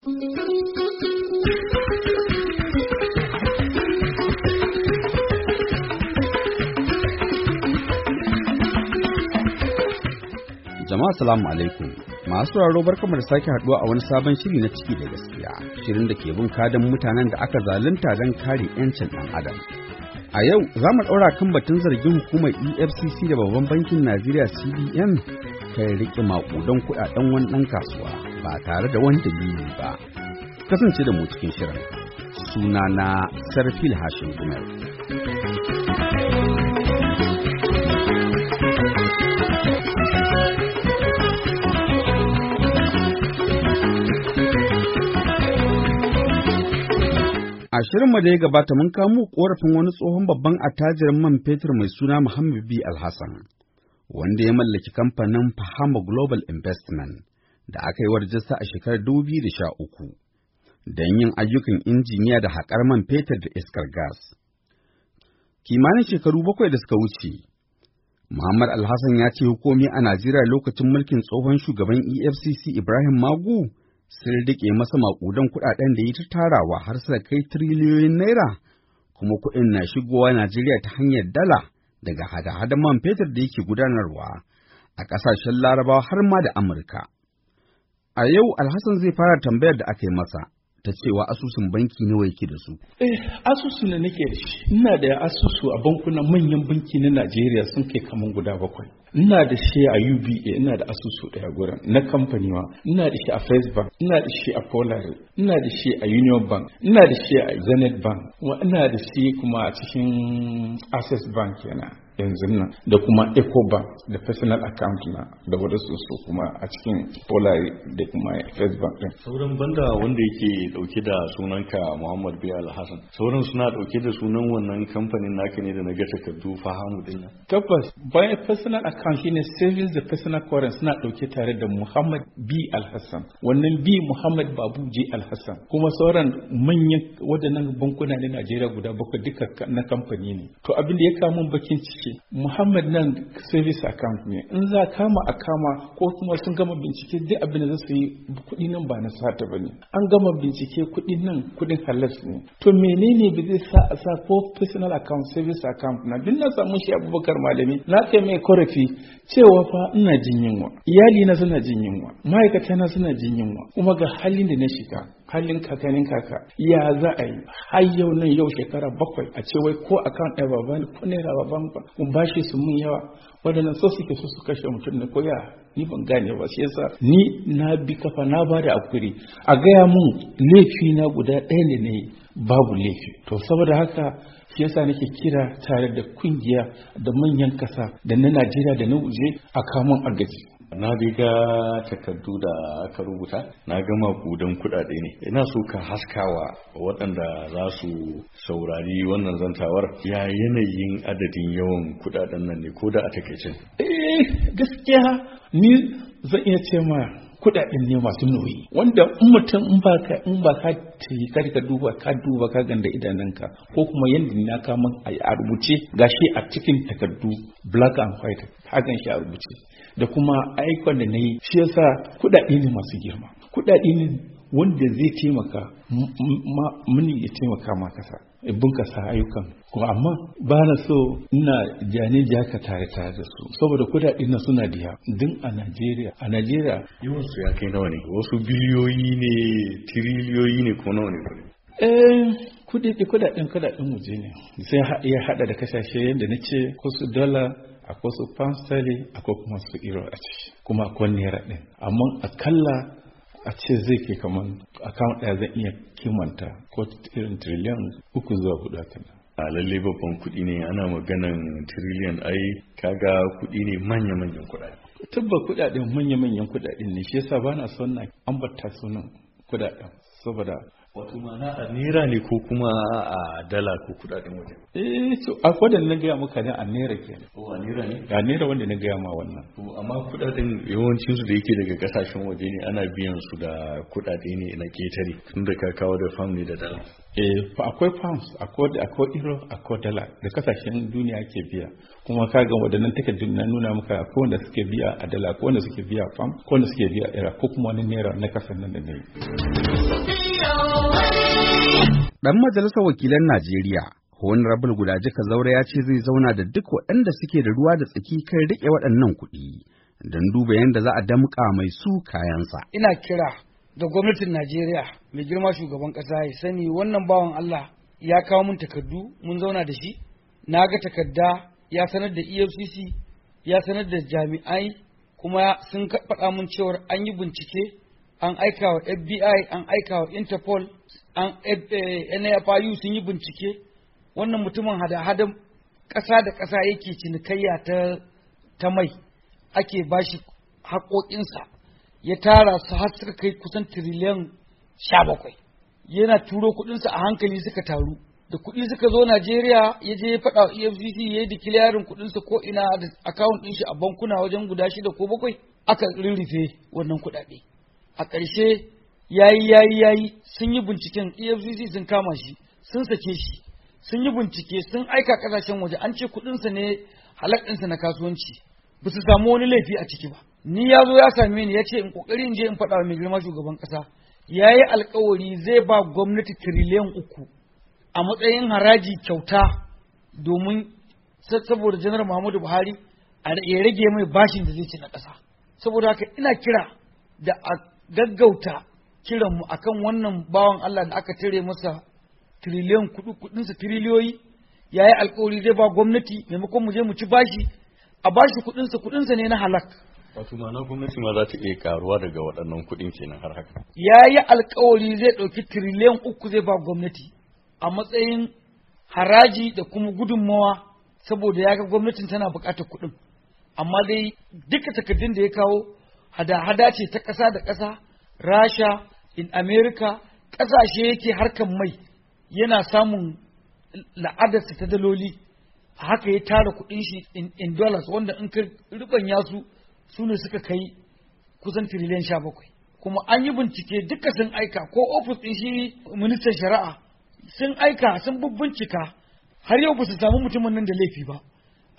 Jama'a salamu alaikum masu sauraro bar da sake haduwa a wani sabon shiri na ciki da gaskiya shirin da ke bin kadan mutanen da aka zalunta don kare 'yancin ɗan adam. A yau za mu ɗaura kan batun zargin hukumar EFCC da babban bankin Najeriya CBN kai riƙe maƙudan kuɗaɗen wani ɗan kasuwa. ba tare da wani dalili ba kasance da mu cikin shirin suna na sarfil hashin gumel A shirin da ya gabata mun kamo korafin wani tsohon babban attajirin man fetur mai suna Muhammad B. Alhassan, wanda ya mallaki kamfanin Fahama Global Investment, da aka yi wa rajista a shekarar uku, don yin ayyukan injiniya da haƙar man fetur da iskar gas. Kimanin shekaru bakwai da suka wuce, Muhammad Alhassan ya ce hukumi a Najeriya lokacin mulkin tsohon shugaban EFCC Ibrahim Magu sun riƙe masa maƙudan kuɗaɗen da ya ta tarawa har suka kai tiriliyoyin naira, kuma kuɗin na shigowa Najeriya ta hanyar dala daga hada-hada man fetur da yake gudanarwa a ƙasashen Larabawa har ma da Amurka. A yau Alhassan zai fara tambayar da aka yi masa ta cewa asusun banki nawa yake da su. Eh, asusun na nake da shi. Ina da asusu a bankunan manyan banki na Najeriya sun kai kaman guda bakwai. Ina da shi a UBA, ina da asusu daya gurin na kamfani ma. Ina da shi a First Bank, ina da shi a Polari, ina da shi a Union Bank, ina da shi a Zenith Bank, ina da shi kuma a cikin Access Bank yana. yanzu nan da kuma ecobank da personal account na da wadansu su kuma a cikin polari da kuma first bank din sauran banda wanda yake dauke da sunan ka muhammad bai alhassan sauran suna dauke da sunan wannan kamfanin naka ne da na ga takardu fahamu din nan tabbas bayan personal account shine savings da personal current suna dauke tare da muhammad b alhassan wannan b muhammad babu j alhassan kuma sauran manyan waɗannan bankuna na najeriya guda bakwai duka na kamfani ne to abin da ya kamun bakin ciki bincike muhammad nan service account ne in za kama a kama ko kuma sun gama bincike duk abin da za su yi kuɗi nan ba na sata ba ne an gama bincike kuɗi nan kuɗin halas ne to menene ba zai sa a sa ko personal account service account na duk na samu shi abubakar malami na kai mai korafi cewa fa ina jin yunwa iyali na suna jin yunwa ma'aikata na suna jin yunwa kuma ga halin da na shiga halin kakanin kaka ya za a yi har yau nan yau shekara bakwai a cewai wai ko akan ɗaya baban ko naira baban kun bashi su mun yawa waɗannan so suke so su kashe mutum na koya ni ban gane ba shi yasa ni na bi kafa na ba da akuri a gaya mun laifi na guda ɗaya ne ne babu laifi to saboda haka shi yasa nake kira tare da kungiya da manyan ƙasa da na Najeriya da na waje a kamun agaji na riga takardu da aka rubuta na gama gudan kudade ne ina so ka haskawa waɗanda za su saurari wannan zantawar ya yanayin adadin yawan kudaden nan ne ko da a takaicin eh gaskiya ni zan iya ce ma kudaden ne masu nauyi wanda in mutum in ba ka in ba ka tayi ka ka duba ka duba ka ganda idananka, ko kuma yanda na kama a rubuce gashi a cikin takardu black and white ka gan shi a rubuce da kuma aikon da nayi shi yasa kudaden ne masu girma kudaden ne wanda zai taimaka mini ya taimaka ma kasa bunkasa ayyukan ko amma ba na so ina jani jaka tare tare da su saboda kudaden na suna diya din a Najeriya a Najeriya yawan su ya kai nawa ne wasu biliyoyi ne tiriliyoyi ne ko nawa ne eh kudi kudaden kudaden waje ne sai ya hada da kasashe yadda nace ko su dala akwai su fansali akwai kuma su iro a ciki kuma akwai naira din amma akalla a ce zai ke kamar account ɗaya zan iya kimanta ko irin trillion uku zuwa hudu haka a lalle babban kuɗi ne ana maganan trillion ai kaga kuɗi ne manya-manyan kuɗaɗe tabba kuɗaɗen manya-manyan kuɗaɗen ne shi yasa ba na son na ambata sunan kuɗaɗen saboda wato mana a naira ne ko kuma a dala ko kudaden waje eh to a kwadan na gaya maka ne a naira kenan ko a naira ne a naira wanda na gaya ma wannan to amma kudaden yawancin su da yake daga kasashen waje ne ana biyan su da kudade ne na ketare tun da ka kawo da fam ne da dala eh akwai pounds akwai euro akwai dala da kasashen duniya ke biya kuma ka ga wadannan takardun na nuna maka ko wanda suke biya a dala ko wanda suke biya fam ko wanda suke biya era ko kuma wani naira na kasan nan da ne Dan majalisar wakilan Najeriya, guda jika Zaure ya ce zai zauna da duk waɗanda suke da ruwa da tsaki kan riƙe waɗannan kuɗi don duba yadda za a damƙa mai su kayansa. Ina kira da gwamnatin Najeriya mai girma shugaban ƙasa ya sani wannan bawan Allah ya kawo mun takardu mun zauna da shi na ga takarda ya sanar da EFCC ya sanar da jami'ai kuma sun faɗa mun cewar an yi bincike an aika wa FBI an aika wa Interpol an eh, NFIU sun yi bincike wannan mutumin hada-hadan ƙasa da ƙasa yake cinikayya ta ta mai ake bashi haƙoƙinsa ya tara su har kai kusan tiriliyan sha bakwai yana turo kuɗinsa a hankali suka taru da kuɗi suka zo Najeriya ya je ya faɗa EFCC ya yi dikilayarin kuɗinsa ko ina da akawun ɗin shi a bankuna wajen guda shida ko bakwai aka rirrife wannan kuɗaɗe a ƙarshe yayi yayi yayi sun yi binciken efcc sun kama shi sun sake shi sun yi bincike sun aika ƙasashen waje an ce kuɗinsa ne halakinsa na kasuwanci ba su samu wani laifi a ciki ba ni ya zo ya same ni ya ce in ƙoƙari in je in faɗa wa mai girma shugaban ƙasa ya yi alkawari zai ba gwamnati tiriliyan uku a matsayin haraji kyauta domin saboda janar muhammadu buhari ya rage mai bashin da zai ci na ƙasa saboda haka ina kira da a gaggauta kiranmu a kan wannan bawan Allah da aka tare masa tiriliyan kuɗi kuɗinsa tiriliyoyi ya yi alkawari zai ba gwamnati maimakon mu je mu ci bashi a bashi kuɗinsa kuɗinsa ne na halak. Wato ma'ana gwamnati ma za ta iya karuwa daga waɗannan kuɗin kenan har haka. Ya yi alkawari zai ɗauki tiriliyan uku zai ba gwamnati a matsayin haraji da kuma gudunmawa saboda ya ga gwamnatin tana buƙatar kuɗin. Amma dai duka takardun da ya kawo hada-hada ce ta ƙasa da ƙasa rasha in Amerika, ƙasashe yake harkar mai yana samun la'adarsa ta daloli haka ya tara kuɗin shi in dollars wanda in ka yasu su su ne suka kai kusan tiriliyan sha bakwai kuma an yi bincike duka sun aika ko ofis ɗin shi ministan shari'a sun aika sun bincika har yau ba su samu mutumin nan da laifi ba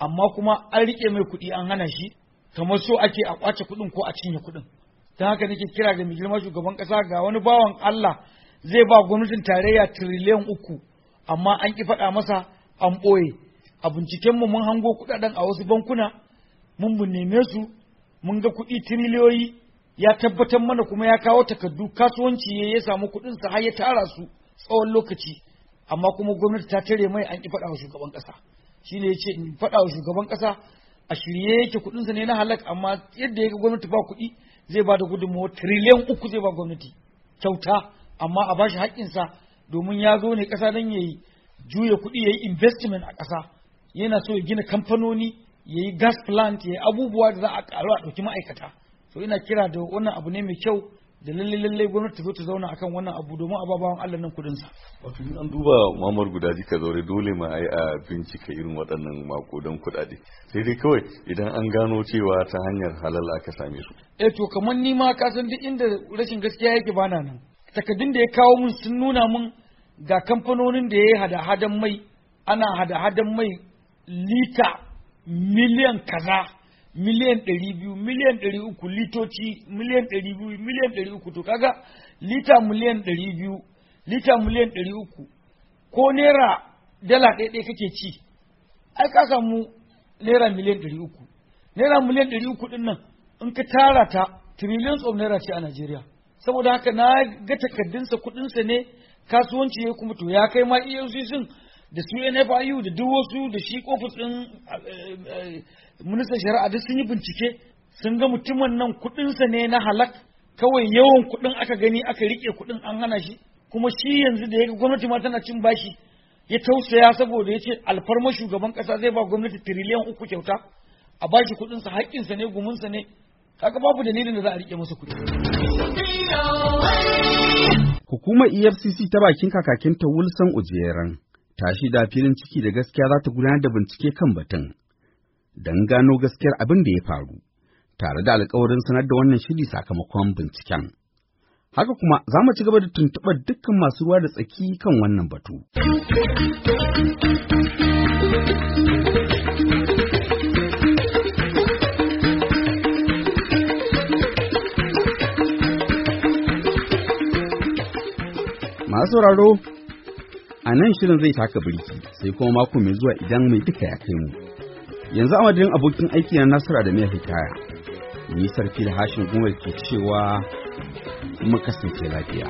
amma kuma an riƙe mai kuɗi an hana shi kamar so ake a kwace kuɗin ko a cinye kuɗin ta haka nake kira ga mai girma shugaban ƙasa ga wani bawan Allah zai ba gwamnatin tarayya tiriliyan uku amma an ki faɗa masa an ɓoye a binciken mu mun hango kuɗaɗen a wasu bankuna mun neme su mun ga kuɗi tiriliyoyi ya tabbatar mana kuma ya kawo takardu kasuwanci ya ya samu kuɗin sa har ya tara su tsawon lokaci amma kuma gwamnati ta tare mai an ki faɗa wa shugaban ƙasa shine ya ce in faɗa wa shugaban ƙasa a shirye yake kudinsa ne na halak amma yadda ya ga gwamnati ba kuɗi zai ba da gudunmawa tiriliyan uku zai ba gwamnati kyauta amma a bashi haƙƙinsa domin ya zo ne ƙasa don ya yi juya kuɗi ya yi investment a ƙasa yana so ya gina kamfanoni ya yi gas plant ya yi abubuwa da za a ƙaru a ɗauki ma'aikata so ina kira da wannan abu ne mai kyau da lalle lalle gwamnati ta zauna akan wannan abu domin a babawan Allah nan kudin sa wato an duba mamar guda jika zaure dole ma ai a bincika irin waɗannan makodan kuɗaɗe sai dai kawai idan an gano cewa ta hanyar halal aka same su eh to kamar ni ma ka san duk inda rashin gaskiya yake bana nan takaddun da ya kawo mun sun nuna mun ga kamfanonin da ya yi hada-hadan mai ana hada-hadan mai lita miliyan kaza miliyan ɗari biyu miliyan ɗari uku litoci miliyan ɗari biyu miliyan ɗari uku to kaga lita miliyan ɗari biyu lita miliyan ɗari uku ko naira dala ɗaya ɗaya kake ci ai ka samu naira miliyan ɗari uku naira miliyan ɗari uku ɗin nan in ka tara ta trillion of naira ce a Najeriya saboda haka na ga takaddunsa kuɗinsa ne kasuwanci ya kuma to ya kai ma EFCC da su NFIU da duk wasu da shi ofis ɗin eh, eh, eh, ministan shari'a duk sun yi bincike sun ga mutumin nan kuɗinsa ne na halak kawai yawan kuɗin aka gani aka rike kuɗin an hana shi kuma shi yanzu da yaga gwamnati ma tana cin bashi ya tausaya saboda ya ce alfarma shugaban ƙasa zai ba gwamnati tiriliyan uku kyauta a bashi kuɗinsa haƙƙinsa ne gumunsa ne kaga babu dalilin da za a riƙe masa kuɗi. Hukumar EFCC ta bakin kakakinta Wilson Ujeran ta da filin ciki da gaskiya za ta gudanar da bincike kan batun don gano gaskiyar abin da ya faru tare da alkawarin sanar da wannan shiri sakamakon binciken. Haka kuma za mu ci gaba da tuntuɓar dukkan masu ruwa da tsaki kan wannan batu. Masu sauraro a shirin zai taka birki sai kuma mako mai zuwa idan mai duka ya kai mu yanzu a madadin abokin aiki na nasara da mai hikaya ni sarki da hashin gumar ke cewa mu kasance lafiya